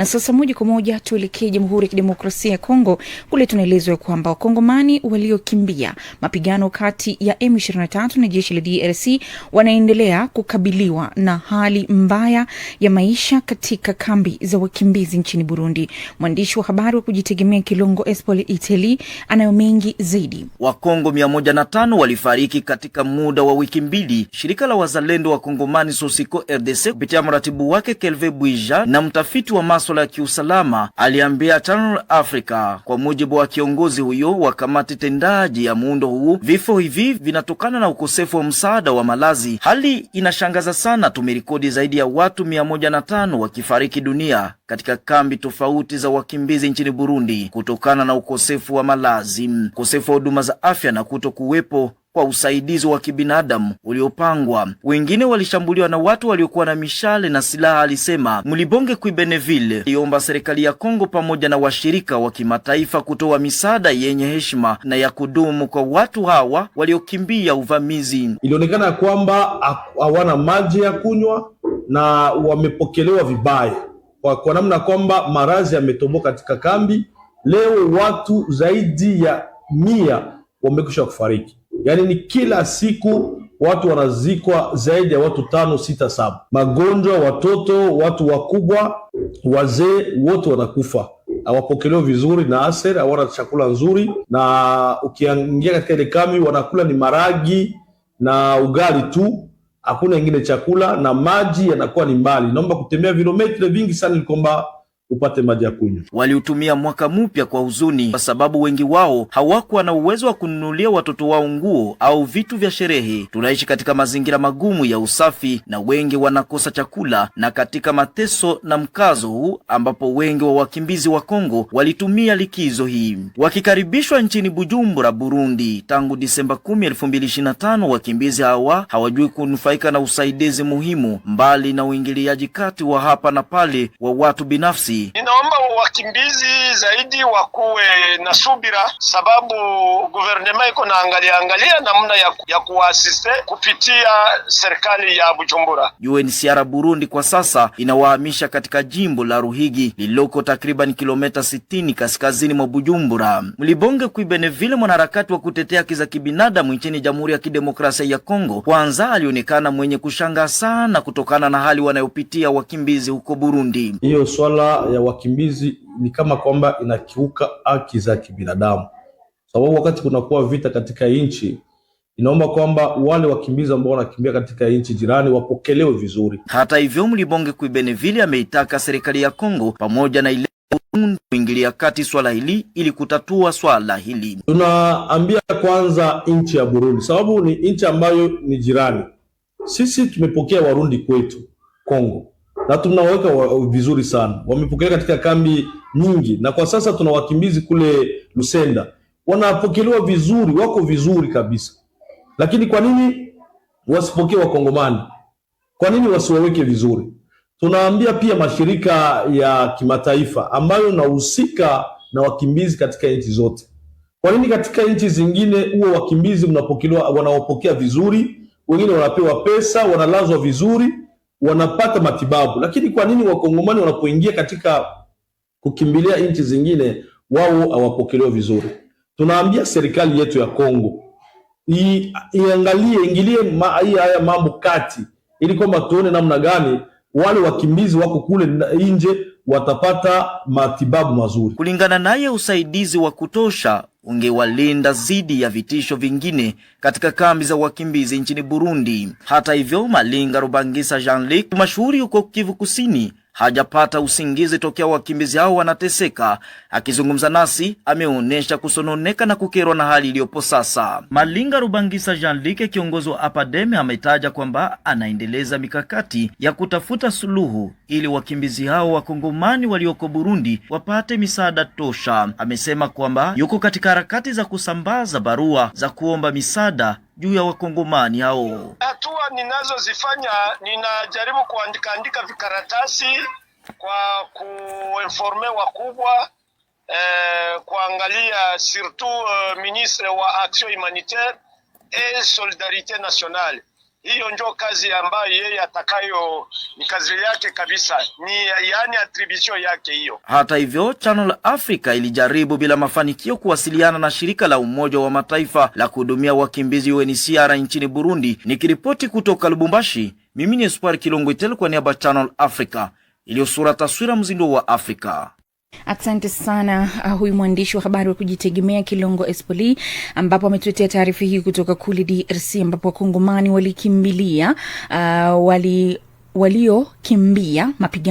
Na sasa moja kwa moja tuelekee Jamhuri ya Kidemokrasia ya Kongo. Kule tunaelezwa kwamba wakongomani waliokimbia mapigano kati ya M23 na jeshi la DRC wanaendelea kukabiliwa na hali mbaya ya maisha katika kambi za wakimbizi nchini Burundi. Mwandishi wa habari wa kujitegemea Kilongo Espol Itali anayo mengi zaidi. Wakongo 105 walifariki katika muda wa wiki mbili. Shirika la wazalendo wa Kongomani Sosiko RDC kupitia mratibu wake Kelve Bwija na mtafiti wa maso masuala ya kiusalama aliambia Channel Africa. Kwa mujibu wa kiongozi huyo wa kamati tendaji ya muundo huu, vifo hivi vinatokana na ukosefu wa msaada wa malazi. Hali inashangaza sana, tumerekodi zaidi ya watu tano wakifariki dunia katika kambi tofauti za wakimbizi nchini Burundi kutokana na ukosefu wa malazi, ukosefu wa huduma za afya na kuto kuwepo kwa usaidizi wa kibinadamu uliopangwa. Wengine walishambuliwa na watu waliokuwa na mishale na silaha, alisema Mlibonge Kuibeneville. Aliomba serikali ya Kongo pamoja na washirika wa kimataifa kutoa misaada yenye heshima na ya kudumu kwa watu hawa waliokimbia uvamizi. Ilionekana kwamba hawana maji ya kunywa na wamepokelewa vibaya kwa, kwa namna kwamba marazi yametoboka katika kambi. Leo watu zaidi ya mia wamekwisha kufariki yaani ni kila siku watu wanazikwa zaidi ya watu tano, sita, saba. Magonjwa, watoto, watu wakubwa, wazee, wote wanakufa hawapokelewa vizuri na aser, hawana chakula nzuri, na ukiingia katika ile kambi wanakula ni maragi na ugali tu, hakuna ingine chakula, na maji yanakuwa ni mbali. Naomba kutembea vilometre vingi sana ilikomba upate maji ya kunywa. Waliutumia mwaka mpya kwa huzuni, kwa sababu wengi wao hawakuwa na uwezo wa kununulia watoto wao nguo au vitu vya sherehe. Tunaishi katika mazingira magumu ya usafi na wengi wanakosa chakula, na katika mateso na mkazo huu ambapo wengi wa wakimbizi wa Kongo walitumia likizo hii wakikaribishwa nchini Bujumbura, Burundi tangu Disemba 10, 2025. Wakimbizi hawa hawajui kunufaika na usaidizi muhimu, mbali na uingiliaji kati wa hapa na pale wa watu binafsi Ninaomba wakimbizi zaidi wakuwe na subira, sababu guvernema iko na angalia angalia namna ya, ya kuwaasiste kupitia serikali ya Bujumbura. UNHCR Burundi kwa sasa inawahamisha katika jimbo la Ruhigi lililoko takriban kilomita 60 kaskazini mwa Bujumbura. Mlibonge Kuibenevile, mwanaharakati wa kutetea haki za kibinadamu nchini Jamhuri ya Kidemokrasia ya Kongo, kwanza alionekana mwenye kushangaa sana kutokana na hali wanayopitia wakimbizi huko Burundi. Hiyo swala ya wakimbizi ni kama kwamba inakiuka haki za kibinadamu, sababu wakati kunakuwa vita katika nchi inaomba kwamba wale wakimbizi ambao wanakimbia katika nchi jirani wapokelewe vizuri. Hata hivyo, Mlibonge Kuibenevile ameitaka serikali ya Kongo pamoja na ile kuingilia kati swala hili ili kutatua swala hili. Tunaambia kwanza nchi ya Burundi, sababu ni nchi ambayo ni jirani. Sisi tumepokea Warundi kwetu Kongo, na mnawaweka vizuri sana, wamepokelewa katika kambi nyingi, na kwa sasa tuna wakimbizi kule Lusenda, wanapokelewa vizuri, wako vizuri kabisa. Lakini kwa nini wasipokee Wakongomani? Kwa nini wasiwaweke vizuri? Tunaambia pia mashirika ya kimataifa ambayo nahusika na wakimbizi katika nchi zote, kwa nini katika nchi zingine huo wakimbizi mnapokelewa, wanaopokea vizuri, wengine wanapewa pesa, wanalazwa vizuri wanapata matibabu. Lakini kwa nini wakongomani wanapoingia katika kukimbilia nchi zingine wao hawapokelewa vizuri? Tunaambia serikali yetu ya Kongo iangalie ingilie ma, haya mambo kati, ili kwamba tuone namna gani wale wakimbizi wako kule nje watapata matibabu mazuri. Kulingana naye, usaidizi wa kutosha ungewalinda dhidi ya vitisho vingine katika kambi za wakimbizi nchini Burundi. Hata hivyo, Malinga Rubangisa Jean-Luc mashuhuri huko Kivu Kusini hajapata usingizi tokea wakimbizi hao wanateseka. Akizungumza nasi ameonyesha kusononeka na kukerwa na hali iliyopo sasa. Malinga Rubangisa Jean-Luc, kiongozi wa Apademe, ametaja kwamba anaendeleza mikakati ya kutafuta suluhu ili wakimbizi hao wakongomani walioko Burundi wapate misaada tosha. Amesema kwamba yuko katika harakati za kusambaza barua za kuomba misaada juu ya wakongomani hao. Hatua ninazozifanya ninajaribu kuandikaandika vikaratasi kwa kuinforme wakubwa eh, kuangalia surtout eh, ministre wa action humanitaire et solidarite nationale hiyo ndio kazi ambayo yeye atakayo, ni kazi yake kabisa, ni yaani attribution yake hiyo. Hata hivyo, Channel Africa ilijaribu bila mafanikio kuwasiliana na shirika la Umoja wa Mataifa la kuhudumia wakimbizi UNHCR nchini Burundi. Nikiripoti kutoka Lubumbashi, mimi ni Espoir Kilongo Itel kwa niaba Channel Africa iliyosura taswira mzindo wa Afrika. Asante sana uh, huyu mwandishi wa habari wa kujitegemea Kilongo Espoli, ambapo ametuletea taarifa hii kutoka kule DRC ambapo wakongomani walikimbilia uh, wali waliokimbia mapigano